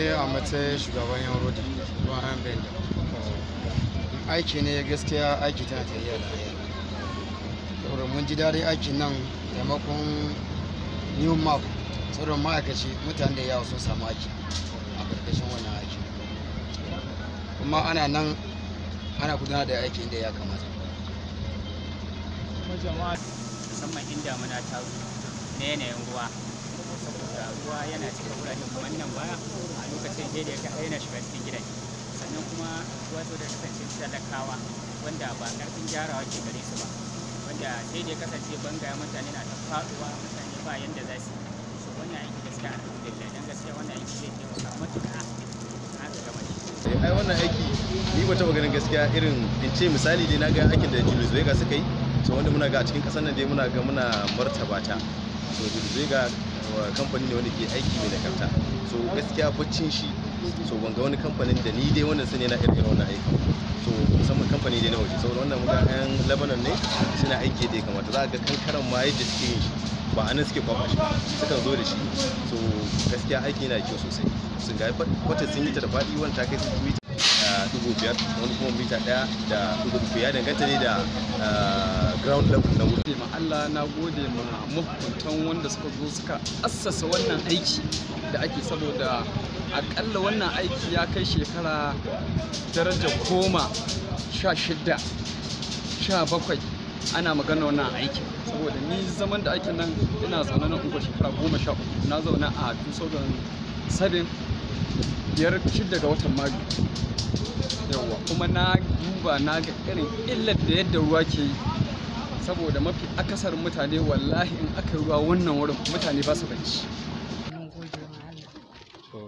ne a matsayin shugaban yan rodi ruwan bend aiki ne gaskiya aiki tana tafiya da saboda mun ji daɗin aikin nan taimakon new map saboda ma'aikaci mutane da yawa sun samu aiki a ƙarƙashin wannan aiki kuma ana nan ana gudanar da aiki inda ya kamata kuma jama'a musamman inda muna ta na yanayin ruwa saboda ruwa yana cika wuraren kuma nan baya lokacin da ya ga yana shiga cikin gidan sannan kuma wato da kasance talakawa wanda ba karfin gyarawa ke gare su ba wanda sai da ya kasance bangaya mutane na ta faduwa mutane ba yanda za su su wannan aiki gaskiya alhamdulillah dan gaskiya wannan aiki zai wasa matuƙa eh, ai wannan aiki ni ba taɓa ganin gaskiya irin in ce misali dai na ga aikin da Julius Vega suka yi so wanda muna ga a cikin ƙasar nan dai muna ga muna martaba ta so wa kamfani ne wanda ke aiki mai nagarta so gaskiya baccin shi so ga wani kamfanin da ni dai wannan sani yana irin wannan aiki so musamman kamfani dai na waje so wannan muka yan lebanon ne suna aiki da ya kamata za a ga kankaran ma yadda suke yin shi ba anan suke kwafa shi suka zo da shi so gaskiya aiki yana kyau sosai sun ga kwata sun yi ta da faɗi wani ta kai su dubu biyar wani kuma mita daya da dubu uku ya ne da eh, ground level na wuri. ma Allah na gode ma mahukuntan wanda suka zo suka assasa wannan aiki da ake saboda akalla wannan aiki ya kai shekara daraja goma sha shida sha bakwai ana magana wannan aikin saboda ni zaman da aikin nan ina zaune na unguwar shekara goma sha uku na zaune a 2007 biyar shida ga watan mayu yawa kuma na duba na ga irin illar da yadda ruwa ke yi saboda mafi akasar mutane wallahi in aka ruwa wannan wurin mutane ba su bacci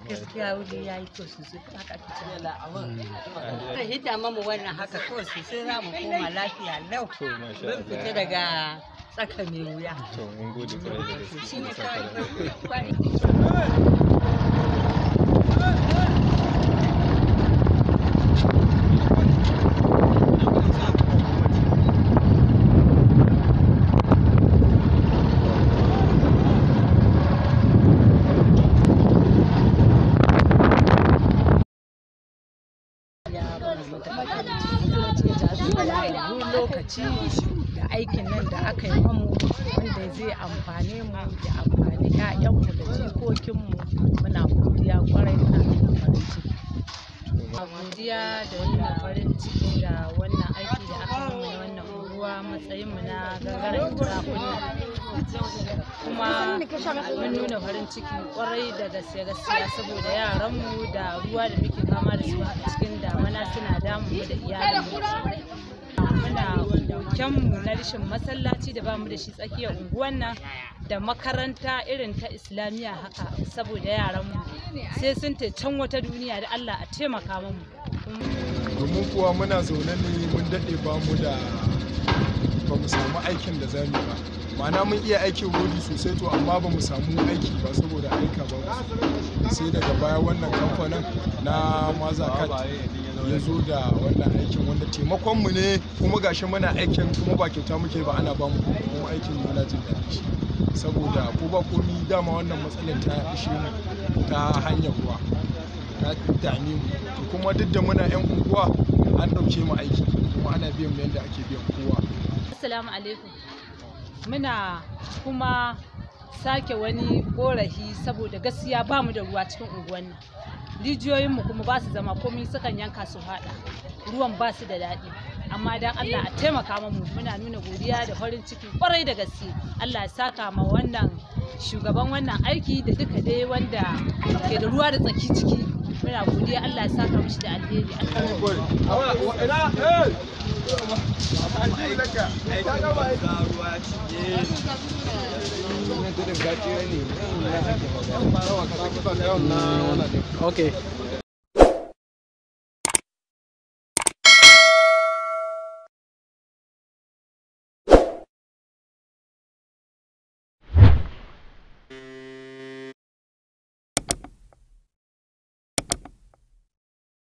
gaskiya wuri ya yi to sosai haka ake cire la'awun ka hita mamu wannan haka su sai za mu koma lafiya lau mun fita daga tsakanin wuya to mun gode kwarai da gaske mu lokaci da aikin nan da aka yi mamu wanda zai amfane mu ya amfani 'ya'yanmu da jikokinmu muna godiya kwarai muna farin ciki godiya da wannan farin ciki da wannan aiki da aka yi mana wannan ruwa matsayinmu na gangaren kira kuma mun nuna farin ciki kwarai da gaske gaskiya saboda yaranmu da ruwa da muke fama da su a cikin damana suna damu da iyalanmu muna dokenmu na rashin masallaci da bamu da shi tsakiyar unguwan nan da makaranta irin ta islamiyya haka saboda yaranmu sai sun ta can wata duniya da allah a taimaka mamu domin kuwa muna zaune ne mun daɗe bamu da ba mu samu aikin da zamu ba ma'ana mun iya aikin rodi sosai to amma ba mu samu aiki ba saboda aika ba sai daga baya wannan kamfanin na kat ya zo da wannan aikin wanda taimakon mu ne kuma gashi muna aikin kuma ba kyauta muke ba ana ba mu kuma aikin muna jin daɗi shi saboda ko ba komi dama wannan matsalar ta ishe mu ta hanyar ruwa ta dame mu to kuma duk da muna yan unguwa an ɗauke mu aiki kuma ana biyan mu yadda ake biyan kowa assalamu alaikum muna kuma sake wani korafi saboda gaskiya ba mu da ruwa cikin unguwan nan rijiyoyinmu kuma ba su zama komai sukan yanka su haɗa ruwan ba su da daɗi amma dan Allah a taimaka mu muna nuna godiya da farin ciki kwarai da gaske Allah ya saka ma wannan shugaban wannan aiki da duka dai wanda ke da ruwa da tsaki ciki muna godiya Allah ya saka mishi da alheri eh! Eh! Okay.